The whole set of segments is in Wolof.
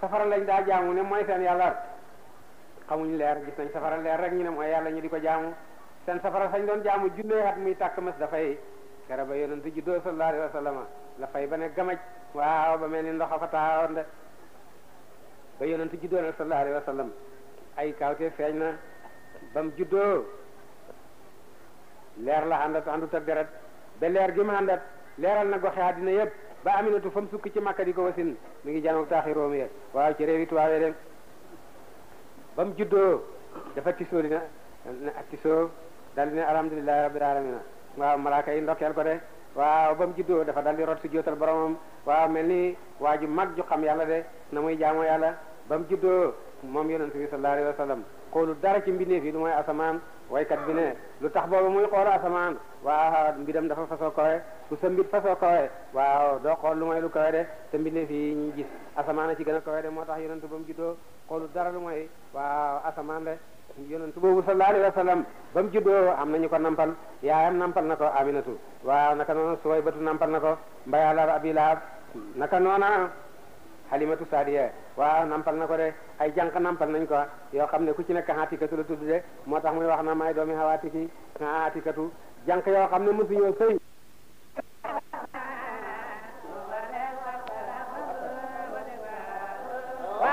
safara lañ daa jaamu ne mooy seen yàlla xamuñ leer gis nañ safara leer rek ñu ne mooy yàlla ñu di ko jaamu seen safara sañ doon jaamu junne at muy tàkk mas dafay kere ba yonent juddoo sallallahu alayhi wa sallam ba ne gamaj waaw ba mel ni ndox a fa taawoon de nag sallallahu alayhi ay kawte feeñ na ba mu juddoo leer la àndat àndut ak deret ba leer gi mu leeral na goxe àddina yépp ba aminatu fa mu sukk ci makka di ko wasin mi ngi janoog taaxi room ya waaw ci réewi tubaabee de ba mu juddoo dafa tisoo dina ak tisoo dal di ne alhamdulillahi rabbil alamina waaw malaaka yi ndokkeel ko de waaw ba mu juddoo dafa dal di rot si jootal waaw mel ni waa ju mag ju xam yàlla de na muy jaamoo yàlla ba mu juddoo moom yonent bi sallallahu alayhi wa xoolu dara ci mbindeef yi lu mooy asamaan waykat bi ne lu tax booba muy xool asamaan waaw mbiram dafa kawe ku sa mbir fasoo kawe waaw doo xool lu mooy lu kawe de te mbindeef yi ñuy gis asamaan a ci gën a kawe de moo tax yonentu ba mu juddoo xoolu dara lu mooy waaw asamaan de yonentu boobu sallallahu alayhi wa sallam ba mu juddoo am nañu ko nampal yaayam nampal na ko aminatu waaw naka noonu suwaybatu nampal na ko mbayalar abi lahab naka noona xalimatu saadiya waaw nampal na ko de ay jànq nampal nañ ko yo xamne ku ci nekk xaatikatu la tudd de moo muy wax na may domi hawati ki haati katu jank yo xamne ne mësuñoo sey wa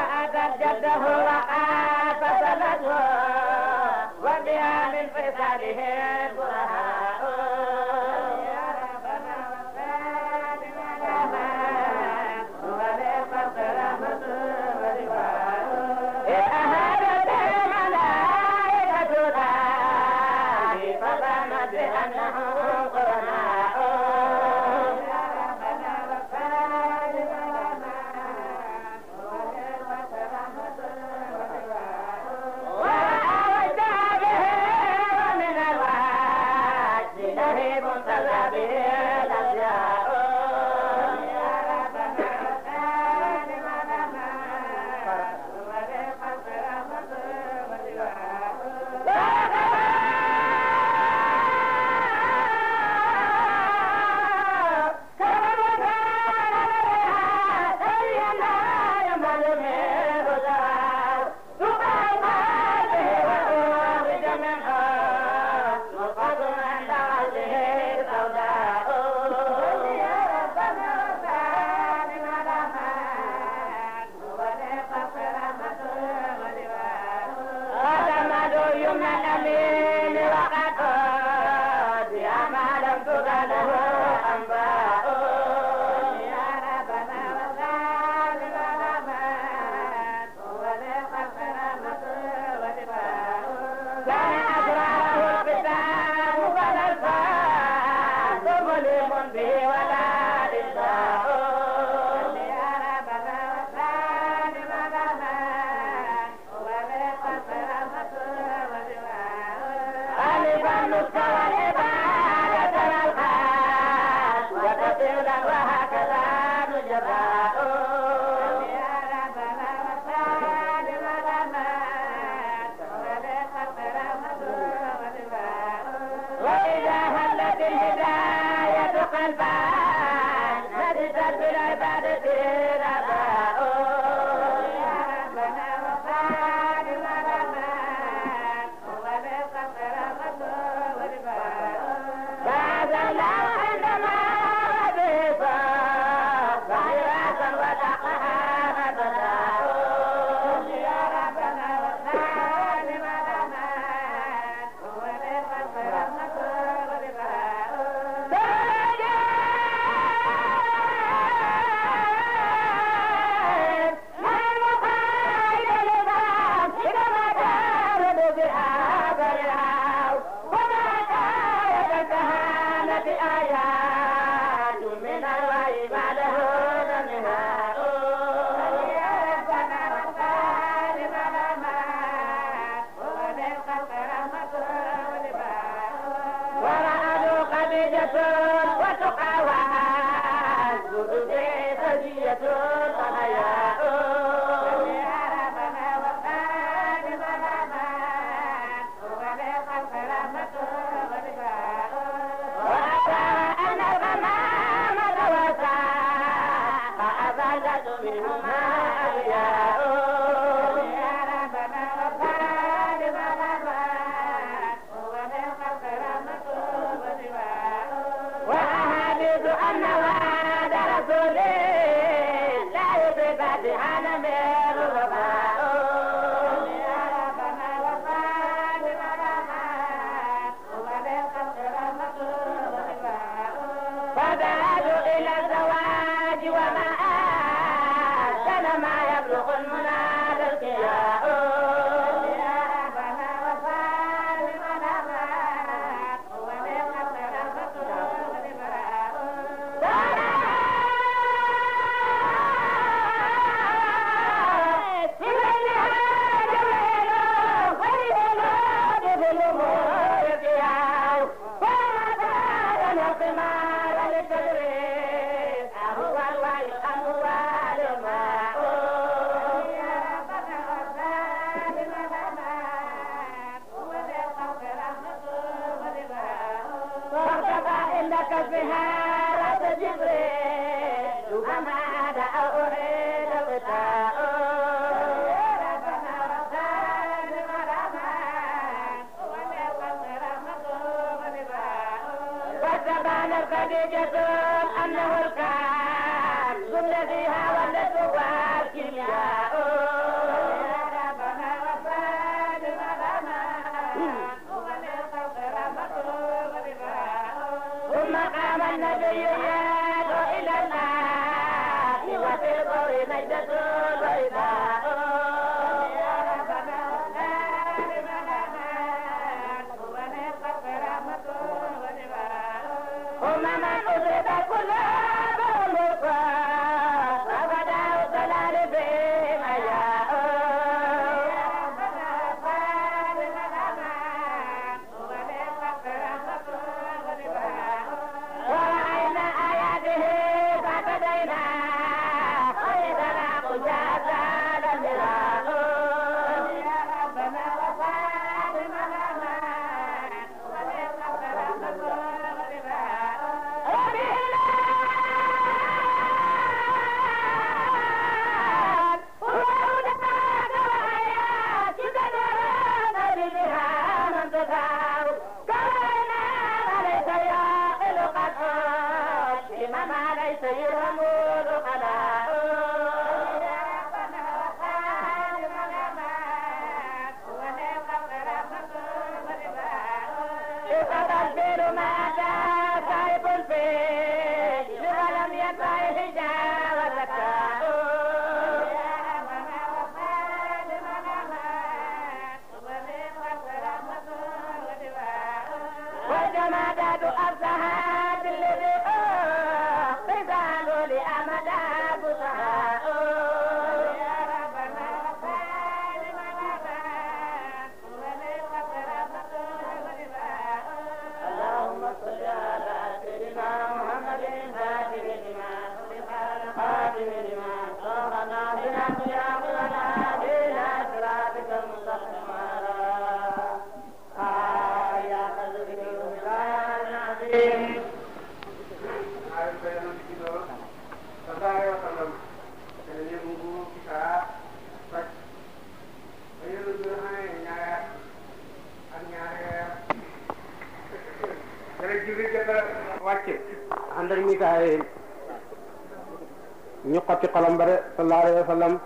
alayhi wa sallam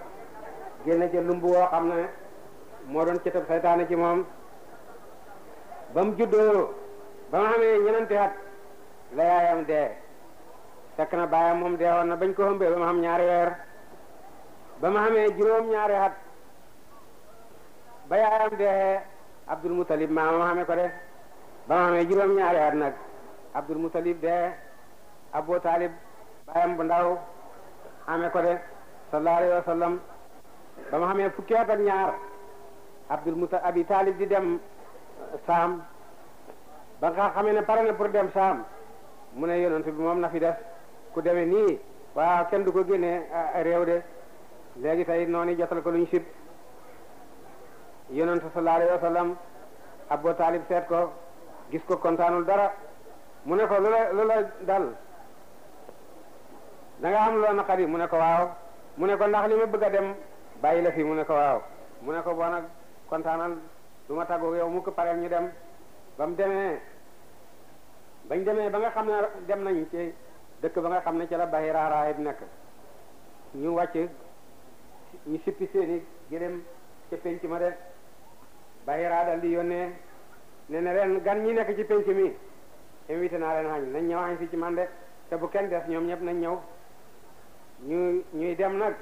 génne ca lumb woo xam ne moo doon cëtab saytaane ci moom ba mu juddoo ba mu ñenanti at la yaayam dee fekk na baayam moom dee woon na bañ ko ëmbee ba mu ñaari weer ba mu xamee ñaari at ba yaayam dee Abdul Mutalib maa ma xamee ko de ba mu xamee ñaari at nag Abdul Mutalib dee Abu Talib baayam bu ndaw xamee ko de sallallahu alayhi wa sallam ba ma xamee fukki at ak ñaar abdul muta abi taalib di dem saam ba nga xamee ne pare na pour dem saam mu ne yonent bi moom na fi def ku demee nii waaw kenn du ko génnee réew de léegi tey noonu jotal ko luñ sib yonent sallallahu alayhi wa taalib seet ko gis ko kontaanul dara mu ne ko lu la lu la dal da nga am loo naqari mu ne ko waaw mu ne ko ndax li ma bëgg a dem bàyyi la fi mu ne ko waaw mu ne ko boo nag kontaanal du ma tàggoog yow mu ko pareel ñu dem ba mu demee bañ demee ba nga xam ne dem nañ ci dëkk ba nga xam ne ci la bàyyi raaraay bi nekk ñu wàcc ñu sippi seeni gëlëm ca penc ma de bàyyi raa di yónnee ne ne ren gan ñu nekk ci penc mi invité naa leen añ nañ ñëw añ fi ci man de te bu kenn des ñoom ñëpp nañ ñëw ñuy ñuy dem nag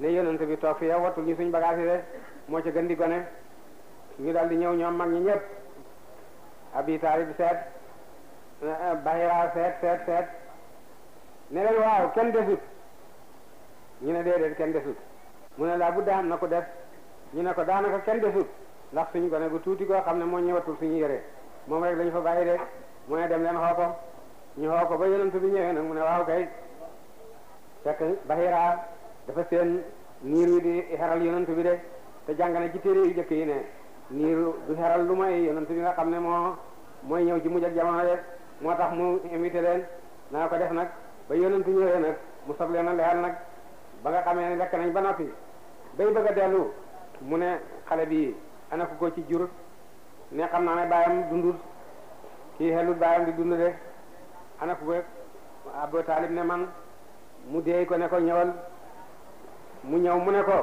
ne yonent bi toog fi yow wattul ñu suñ bagage yi de moo ci gën di gone ñu dal di ñëw ñoom mag ñi ñëpp abi taalib seet bahira seet seet seet ne leen waaw kenn desut ñu ne déedéet kenn desut mu ne laa bu am na ko def ñu ne ko daanaka kenn desut ndax suñ gone gu tuuti koo xam ne moo ñëwatul suñu yére moom rek lañu fa bàyyi de mu ne dem leen xoo ko ñu xoo ko ba yonent bi ñëwee nag mu ne waaw kay fekk Bahira dafa seen niir wi di xeral yonent bi de te jàng na ci téere yu jëkk yi ne niir du xeral lu may yonent bi nga xam ne moo mooy ñëw ji mu ak jamono de moo tax mu invité leen naa ko def nag ba yonent ñëwee nag mu sob leen a nag ba nga xamee ne lekk nañ ba noppi bay bëgg a dellu mu ne xale bi ana ku ko ci jur ne xam naa ne baayam dundul kii xelul baayam di dund de ana ku ko Abu Taalib ne man mu deey ko ne ko ñëwal mu ñëw mu ne ko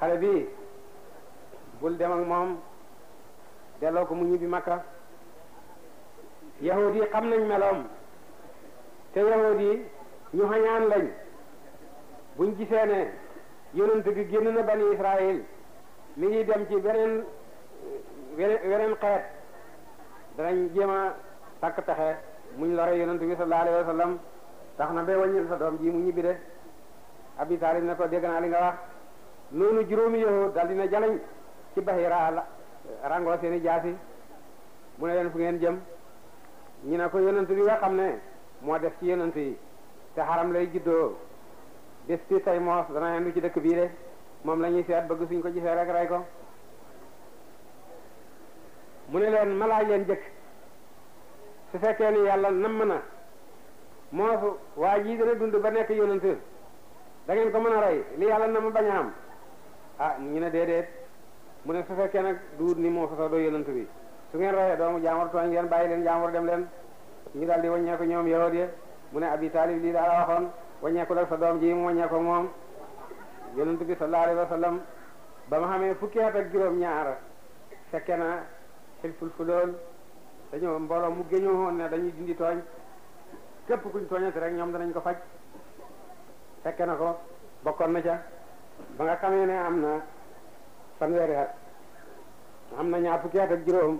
xale bi bul dem ak moom delloo ko mu ñibbi makka yahud yi xam nañ meloom te yahud yi ñu xañaan lañ buñ gisee ne yonent bi génn na bani israil mi ngi dem ci beneen weneen xeet danañ jéem a sàkk pexe muñ lore yonent bi sallallahu alayhi wa sallam tax na ba wàññil sa doom ji mu ñibbi de abi taalib ne ko dégg naa li nga wax noonu juróomi yow dal dina jalañ ci bahira rango seeni jaasi mu ne leen fu ngeen jëm ñu ne ko yonent bi nga xam ne moo def ci yonent yi te xaram lay juddoo des ci tay leen dana ci dëkk bii de moom lañuy ñuy seet bëgg suñ ko gisee rek rey ko mu ne leen ma laaj leen jëkk su fekkee ni yàlla namm na moo fu waa jii dana dund ba nekk yonent da ngeen ko mën a roy li yàlla na mu bañ a am ah ñu ne déedéet mu ne su fekkee nag duut ni moo sosoo doo yonent bi su ngeen royee doomu jaamur tooñ leen bàyyi leen jaamur dem leen ñu daal di wàññeeku ñoom yahud mu ne abi taalib lii daal a waxoon wàññeeku nag sa doom ji mu wàññeeku moom yonent bi sallallahu alayhi wa ba ma xamee fukki at ak juróom ñaar fekke na xilful fulool dañoo mbooloo mu géñoo woon n dañuy dindi képp kuñ tooñati rek ñoom danañ ko faj fekke na ko bokkoon na ca ba nga xamee ne am na fanweeri at am na ñaar fukki at juróom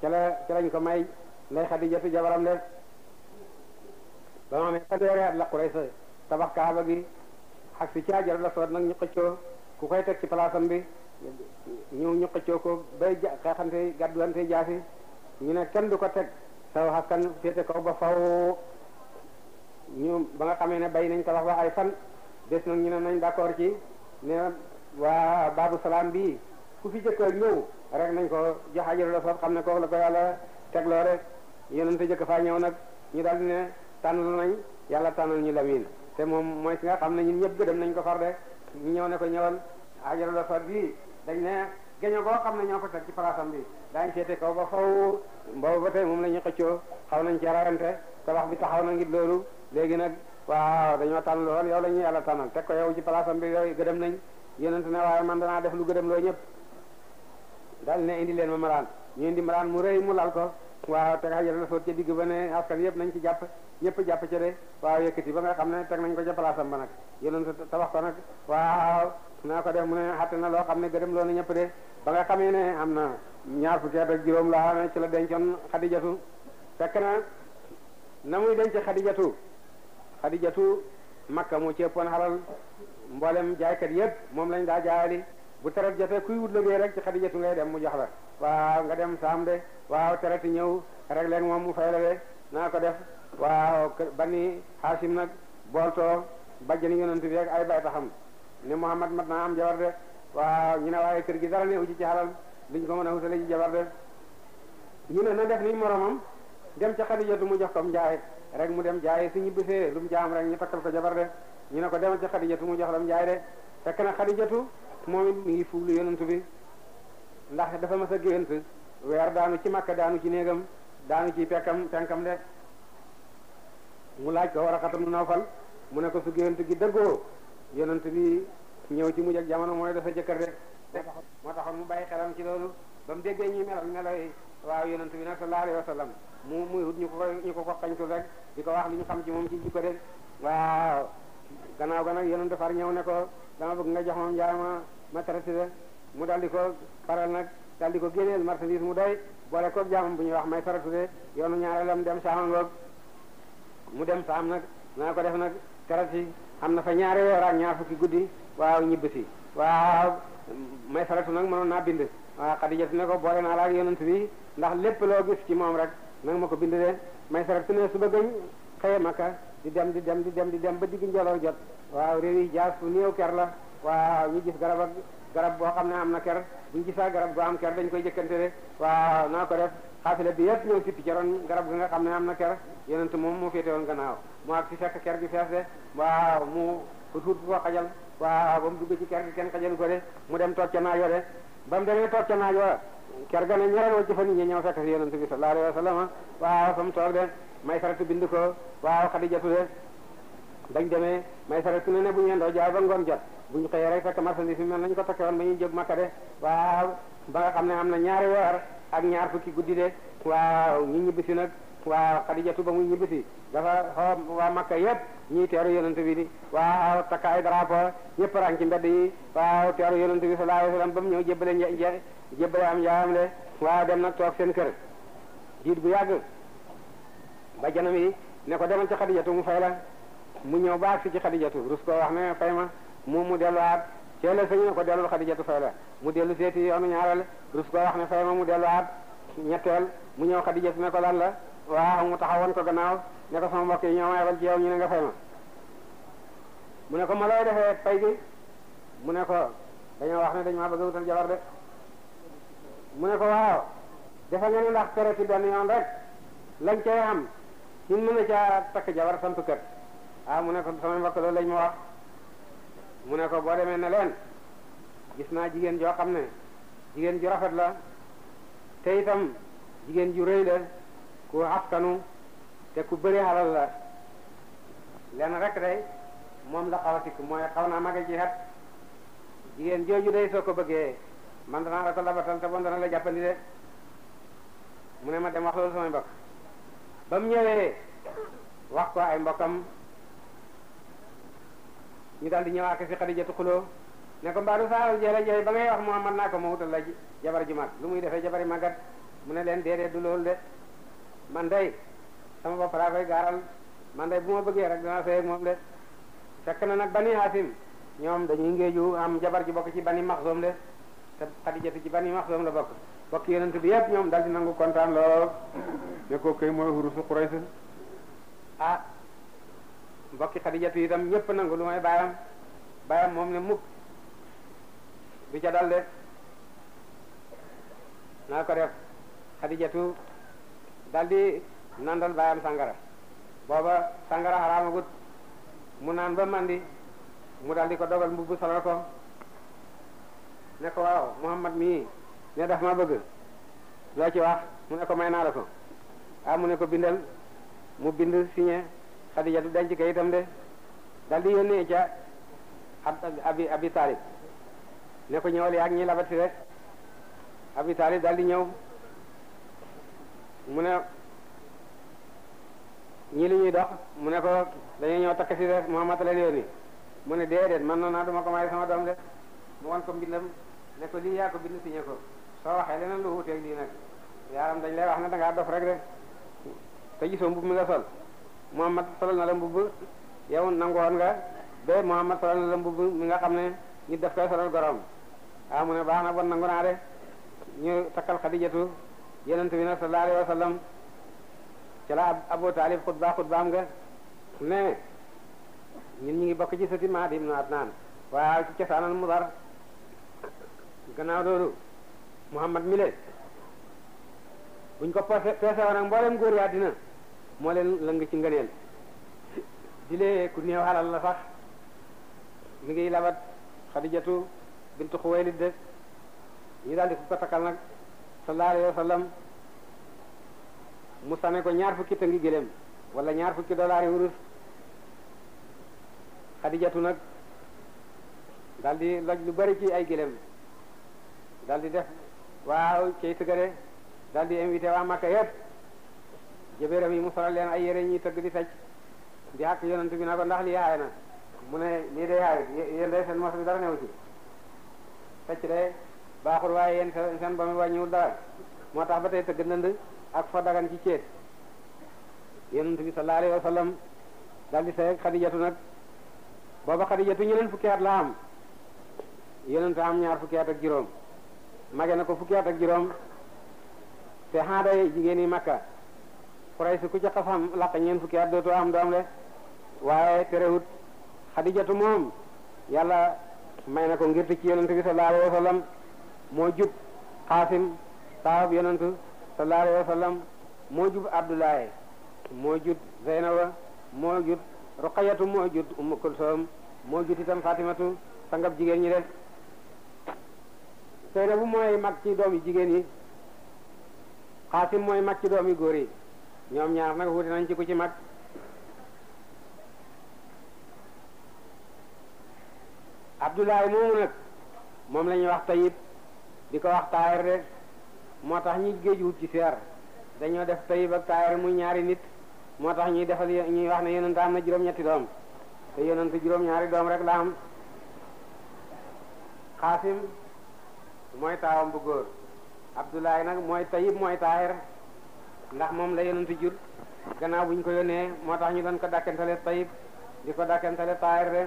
ca lañ ko may nday xadijatu jabaram de ba ma amee fanweeri at la Quraysh tabax kaaba gi ci si caajar la soot nag ñu xëccoo ku koy teg ci palaasam bi ñu ñu xëccoo ko bay xeexante gàdduwante jaasi ñu ne kenn du ko teg saw xaskan féete kaw ba faw ñu ba nga xamee ne bay nañ tabax ba ay fan des nag ñu ne nañ d'accord ci ne waa baabu salaam bi ku fi jëkk ñëw rek nañ ko jox ajalu la soob xam ne kooku la ko yàlla tegloo rek yonente jëkk faa ñëw nag ñu daal ne tànnal nañ yàlla tànnal ñu lamin te moom mooy ki nga xam ne ñun ñëpp gëdëm nañ ko far de ñu ñëw ne ko ñëwal ajalu la soob bi dañ ne géño boo xam ne ñoo ko teg ci palaasam bi daañ seete kaw ba faw mboobu ba tey moom la ñu xëccoo xaw nañ ci rawante tabax bi taxaw na ngir loolu léegi nag waaw dañoo tànn lool yow la ñu yàlla tànnal teg ko yow ci palaasam bi yooyu gëdëm nañ yonent ne waaye man danaa def lu gëdëm loo ñëpp daal indi leen ma maraan ñu indi maraan mu rëy mu ko waaw teg xajal na soot ca digg ba ne askan yëpp nañ ci jàpp ñëpp jàpp ca de waaw yëkkati ba nga xam ne nañ ko ca palaasam ba nag yonent tabax ko nag waaw naa ko def mu ne xatte na loo xam ne gëdëm loo na ñëpp de ba nga xamee ne am na ñaar fukki at ak juróom la xamee ci la dencoon xadijatu fekk na na muy denc xadijatu xadijatu makka moo ci ëppoon xalal mboolem jaaykat yëpp moom lañ daa jaayali bu teret jotee kuy wut liggéey rek ci xadijatu ngay dem mu jox la waaw nga dem saam de waaw tereti ñëw rek léegi moom mu fay de naa ko def waaw bani xaasim nag booltoo bajjani yonent bi rek ay bay taxam ne Muhammad mat naa am jabar de waaw ñu ne waaye kër gi dara ne uji ci xalal duñ ko mën a wutale ci jabar de ñu ne na def ni moromam dem ca xadijatu mu jox ko njaay rek mu dem jaay si ñibbisee lu mu jaam rek ñu takkal ko jabar de ñu ne ko demal ci xadijatu mu jox lam jaay de fekk na xadijatu moom it mi ngi fuulu yonent bi ndax dafa mas a gént weer daanu ci makka daanu ci néegam daanu ci pekkam penkam de mu laaj ko war a xatam nawfal mu ne ko su gént gi dëggoo yonent bi ñëw ci mu ak jamono mooy dafa jëkkër de moo taxoon mu bàyyi xelam ci loolu ba mu déggee ñuy melal melo yi waaw yonent bi nag sallallahu alayhi wa ñu ko ko ko di ko wax li ñu xam ci moom ci jikko de waaw gannaaw ga nag yéen defar ñëw ne ko dama bëgg nga jox moom njaay ma ma traité de mu dal di ko faral nag dal di ko génneel marchandise mu doy boole koog jaamam bu ñuy wax may traité de yoonu ñaareelam dem saam ngoog mu dem saam nag ko def nag traité am na fa ñaari weer guddi waaw ñibbisi waaw may faratu nag mënoon naa bind waaw Xadijatu ko boole naa la ak yonent bi loo gis ci moom rek nag ma ko bind de may sarat su ne suba gañ xëye Makka di dem di dem di dem di dem ba digg njoloo jot waaw réew yi jaas fu néew ker la waaw ñu gis garab ak garab boo xam ne am na ker buñu gisaa garab goo am ker dañ koy jëkkante de waaw naa ko def xaafila bi yëpp ñëw sippi ca ron garab gi nga xam ne am na ker yonent moom moo féete woon gannaaw mu ak si fekk ker gi fees de waaw mu hut hut ko xajal waaw ba mu dugg ci ker gi kenn xajal ko de mu dem toog ca naajoo ba mu demee toog ker ga ne ñara wa jëfani ñi ñëw fekk ci yonent bi sallallahu alayhi wasallam waaw sam toog de may saratu bind ko waaw xadijatu de bañ demee may saratu ne bu ñu ndoo jaaw ba ngoon jot bu ñu xëyee rek fekk marchandise bi mel nañ ko takke woon ba ñuy jëm makka de waaw ba nga xam ne ñaari weer ak ñaar fukki guddi de waaw ñi ñibbisi nag waaw xadijatu ba muy ñibbisi dafa xoo waa makka yépp ñii teeru yonent bi ni waaw ci mbedd yi waaw bi sallallahu jébbale am yaayam de waaye dem nag toog seen kër diit bu yàgg ba janam yi ne ko demal ci xadijatu mu fay la mu ñëw baag si ci xadijatu rus ko wax ne fay ma mu delluwaat ceele sëñ ne ko dellul xadijatu mu dellu seeti yoonu ñaareel rus ko wax ne fay mu delluwaat ñetteel mu ñëw xadijatu ne ko lan la waaw mu taxawoon ko gannaaw ne ko sama mbokk yi ñoo ma yebal ci yow ñu ne nga fay ma mu ne ko ma looy defee pay gi mu ne ko dañoo wax ne dañ maa bëgg a wutal jabar de mu ne ko waaw defe nga ne ndax kere ci benn yoon rek lañ cay am ci mën takk jabar samp kër ah mu ne ko sama mbokk loolu lañ ne boo demee ne leen gis naa jigéen joo xam ne jigéen ju rafet la te itam jigéen ju rëy la ku askanu te ku bëri xalal la lenn rek day moom la xaw a sikk mooy xaw naa mage ci xet jigéen jooju day soo ko bëggee man danaa la ko labatal te bon dana la jappandi de mune ma dem wax loolu samay mbokk ba mu wax ko ay mbokam ñu dal di ñëwaat khadija tu khulo ne ko mbaru saaral jeela jeey ba ngay wax muhammad nako mo wutal la jabar ju mat lu muy defé jabar magat mune len leen du loolu de man day sama bop ra koy garal man day bu ma bëggee rek dana ak mom de fekk na nak bani hasim ñom dañuy ngéeju am jabar ji bok ci bani maxsoom de te xadijatu ci bani maxsum la bokk bokk yonent bi yëpp ñoom dal di nangu kontaan lool ne ko kay mooy hurusu Quraysh ah mbokki xadijatu itam ñëpp nangu lu may baayam baayam moom ne mukk du ca dal de naa ko def xadijatu dal nandal baayam sangara booba sangara xaraamagut mu naan ba mandi mu dal di ko dogal mbubb solal ko ne ko waaw muhammad mii ne daf ma bëgg loo ci wax mu ne ko may naa la ko ah mu ne ko bindal mu bind signé xadija du denc ko itam de dal di yónnee ca abi abi talib ne ko ñëwal yaag ñi labati rek abi talib dal di ñëw mu ne ñi li ñuy dox mu ne ko dañuy ñëw takk si rek muhammad la leen yónni mu ne déedéet man noonu duma ko may sama doom de mu wan ko mbindam ne ko lii yaa ko bind signé soo waxee leneen lu wuuteeg lii nag yaaram dañ lay wax ne da ngaa dof rek de te gisoo mbubb mi nga sol Muhammad solal na la mbubb yow nangoon nga ba Muhammad solal na la mbubb mi nga xam ne ñu def koy solal gorom waaw ah, mu ne baax na bon nangu naa de ñu takkal Xadijatu yonent bi nag sallallahu alayhi wa sallam ci la Abu Talib xutba xutbaam nga ne ñu ngi bokk ci sëti Maadi ibnu Adnaan waaw ci cosaanal Mudar gannaaw loolu Muhammad mile buñ ko peese peese woon ak mboolem góor yaa dina moo leen lëng ci ngëneel dilee ku néew xalal la sax mi ngi labat xadijatu bintu xuwaylid de ñu daal di ko takkal nag sallallahu alayhi mu same ko ñaar fukki tëngi gëléem wala ñaar fukki dollars yi wurus xadijatu nag daal loj lu bari ci ay gëléem dal di def waaw cey tëgëre dal di invité waa Makka yëpp jëbéeram yi mu solal leen ay yére ñi tëgg di taj di xàkk yonent bi na ko ndax lii xaay na mu ne lii day xaay yéen seen mos bi dara newu ci fecc day baaxul waaye yéen seen ba mu wàññiwul dara moo tax ba tey tëgg ndënd ak fa dagan ci céet yonent bi sallallahu alayhi wa sallam dal di xadijatu nag booba xadijatu ñeneen fukki at la am yonent am ñaar fukki at ak juróom mage na ko fukki at ak juróom te xaaday jigéen yi makka xuray si ku ci xasam laq ñeen fukki at dootoo am doom le waaye terewut xadijatu moom yàlla may na ko ngir ci yonent bi sallallahu alayhi wa sallam moo jub xaasim saahab yonent sallallahu alayhi moo jub abdoulaye moo jut zeynaba moo jut ruqayatu moo jut ummu kulsum moo jut itam fatimatu sangab jigéen ñi de Seynabu mooy mag ci doom yu jigéen yi Xaasim mooy mag ci doom yu góor yi ñoom ñaar nag wuute nañ ci ku ci mag Abdoulaye moomu nag moom la ñuy wax tayib di ko wax taayir moo tax ñi géej wut ci seer dañoo def tayib ak taayir muy ñaari nit moo tax ñuy defal ñuy wax ne yonent am na juróom-ñetti doom te yonent juróom-ñaari doom rek la am Xaasim mooy taawam bu góor Abdoulaye nag mooy Tayyib mooy Taahir ndax moom la yonent jur gannaaw bu ñu ko yónnee moo tax ñu doon ko dàkkantale Tayyib di ko dàkkantale Taahir de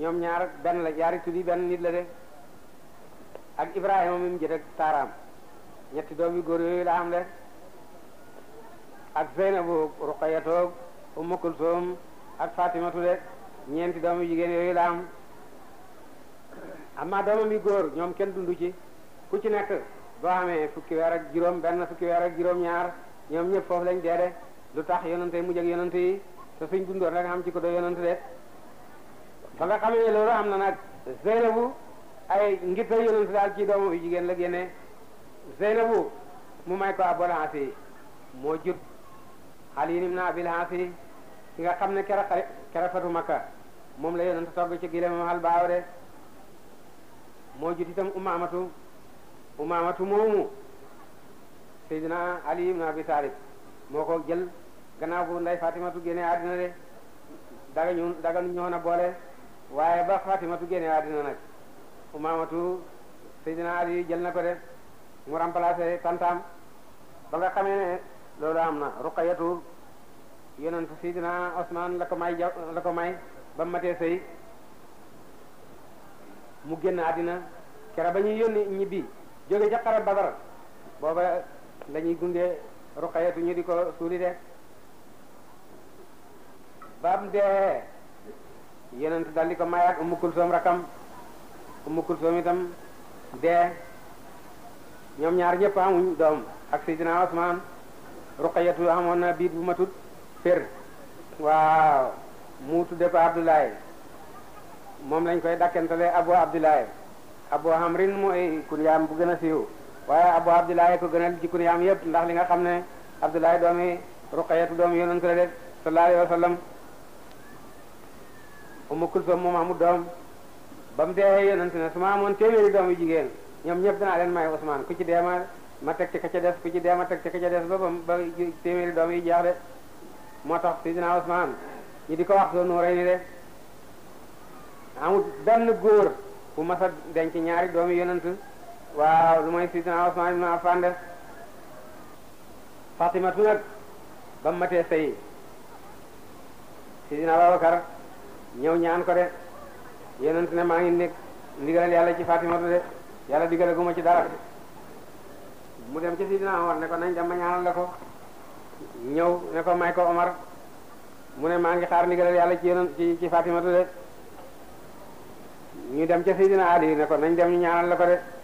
ñoom ñaar benn la ñaari tuddi benn nit la de ak Ibrahima mi mu jëte ak ñetti doom yu góor yooyu la am le ak Zeynabu Ruqayatoog Ummu Kulsoom ak Fatimatu de ñeenti doom yu jigéen yooyu la am amma doomam yu góor ñoom kenn dundu ci ku ci nekk boo amee fukki weer ak juróom benn fukki weer ak juróom ñaar ñoom ñëpp foofu lañ dee de lu tax yonante yi mu ak yonante yi te suñ dundoon rek xam ci ko do yonante de ba nga xamee loolu am na nag Zeynabu ay ngirta yonante daal ci doomu bi jigéen la génne Zeynabu mu may ko Abul Aasi moo jut Xaliil ibn Abil Aasi nga xam ne kera kera fatu Makka moom la yonante togg ci gileemam xal baaw moo jut itam umaamatu umaamatu moomu Seydina Ali ibn Abi Talib moo ko jël gannaaw bu nday Fatimatu génne àddina de daga ñu daga ñoo na boole waaye ba Fatimatu génne àddina nag umaamatu Seydina Ali jël na ko de mu remplacé tantaam ba nga xamee ne loolu am na ruqayatu yonent Seydina Osman la ko may ba matee sëy mu génn àddina kera ba ñuy yónni ñibbi jóge ca xare badar booba la ñuy gunge ruqayatu ñu di ko suuli de bam dee yonent dal di ko mayaat umu kulsoom rakam umu kulsoom itam dee ñoom ñaar ñëpp amuñ doom ak sayidina osman ruqayatu amoon na bu matut fér waaw mutu tudde ko abdoulaye moom lañ koy dakkantale abu abdullahi abu hamrin mooy kunyaam bu gën a siiw waaye abu abdullahi ko gënal ci kunyaam yëpp ndax li nga xam ne abdullahi doomi ruqayatu doomi yonent la de sallallahu alayhi wa sallam umu kulsum moom amul doom ba mu dee yonent ne su ma amoon téeméeri doom yu jigéen ñoom ñëpp danaa leen may Ousmane ku ci dee ma ma teg ci ka ca des ci dee ma teg ci ka ca des ba ba téeméeri yi jeex de moo tax sidina Ousmane ñi di ko wax soo nuuree ni de amul benn góor bu mas a denc ñaari doomi yonent waaw lu mooy sidina Usmaan ibn Affaan de Fatimatu nag ba mu matee sëy sidina Abubakar ñëw ñaan ko de yonent ne maa ngi nekk ndigalal yàlla ci Fatimatu de yàlla digale guma ci dara mu dem ci sidina Omar ne ko nañ dem ma ñaanal la ko ñëw ne ko may ko Omar mu ne maa ngi xaar ndigalal yàlla ci yonent ci ci Fatimatu de ñu dem ca Seydina Ali ne ko nañ dem ñu ñaanal la ko de